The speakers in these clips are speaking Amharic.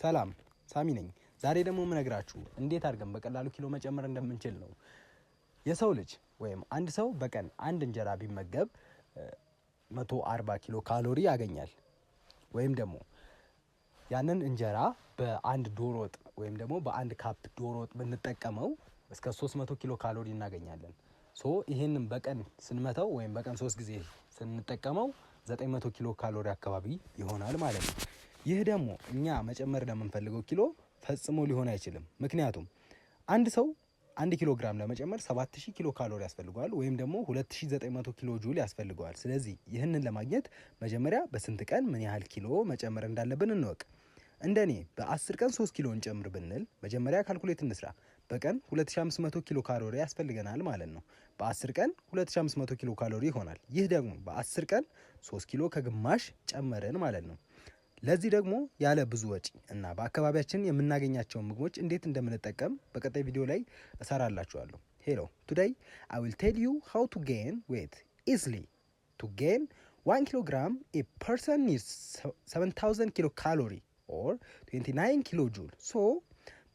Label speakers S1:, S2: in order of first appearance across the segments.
S1: ሰላም ሳሚ ነኝ። ዛሬ ደግሞ የምነግራችሁ እንዴት አድርገን በቀላሉ ኪሎ መጨመር እንደምንችል ነው። የሰው ልጅ ወይም አንድ ሰው በቀን አንድ እንጀራ ቢመገብ 140 ኪሎ ካሎሪ ያገኛል። ወይም ደግሞ ያንን እንጀራ በአንድ ዶሮ ወጥ ወይም ደግሞ በአንድ ካፕ ዶሮ ወጥ ብንጠቀመው እስከ 300 ኪሎ ካሎሪ እናገኛለን። ሶ ይሄንን በቀን ስንመተው ወይም በቀን ሶስት ጊዜ ስንጠቀመው 900 ኪሎ ካሎሪ አካባቢ ይሆናል ማለት ነው። ይህ ደግሞ እኛ መጨመር ለምንፈልገው ኪሎ ፈጽሞ ሊሆን አይችልም። ምክንያቱም አንድ ሰው አንድ ኪሎ ግራም ለመጨመር 7000 ኪሎ ካሎሪ ያስፈልገዋል ወይም ደግሞ 2900 ኪሎ ጁል ያስፈልገዋል። ስለዚህ ይህንን ለማግኘት መጀመሪያ በስንት ቀን ምን ያህል ኪሎ መጨመር እንዳለብን እንወቅ። እንደኔ በ10 ቀን 3 ኪሎ እንጨምር ብንል መጀመሪያ ካልኩሌት እንስራ። በቀን 2500 ኪሎ ካሎሪ ያስፈልገናል ማለት ነው። በ10 ቀን 2500 ኪሎ ካሎሪ ይሆናል። ይህ ደግሞ በ10 ቀን 3 ኪሎ ከግማሽ ጨመርን ማለት ነው። ለዚህ ደግሞ ያለ ብዙ ወጪ እና በአካባቢያችን የምናገኛቸውን ምግቦች እንዴት እንደምንጠቀም በቀጣይ ቪዲዮ ላይ እሰራላችኋለሁ።
S2: ሄሎ ቱዴይ አይ ዊል ቴል ዩ ሃው ቱ ጌን ዌት ኢዝሊ ቱ ጌን 1 ኪሎ ግራም ኤ ፐርሰን ኒድስ 7000 ኪሎ ካሎሪ ኦር 29 ኪሎ ጁል ሶ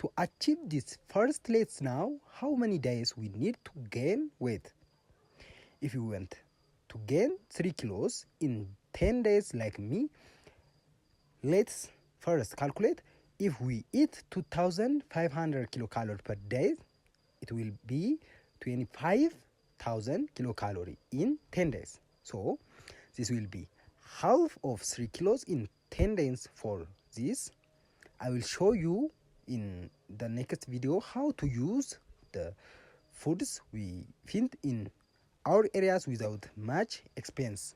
S2: ቱ አቺቭ ዲስ ፈርስት ሌትስ ናው ሃው መኒ ዳይስ ዊ ኒድ ቱ ጌን ዌት ኢፍ ዩ ወንት ቱ ጌን 3 ኪሎስ ኢን 10 ዴይስ ላይክ ሚ Let's first calculate if we eat 2500 kilocalories per day, it will be 25,000 kilocalories in 10 days. So this will be half of 3 kilos in 10 days for this. I will show you in the next video how to use the foods we find in our areas without much expense.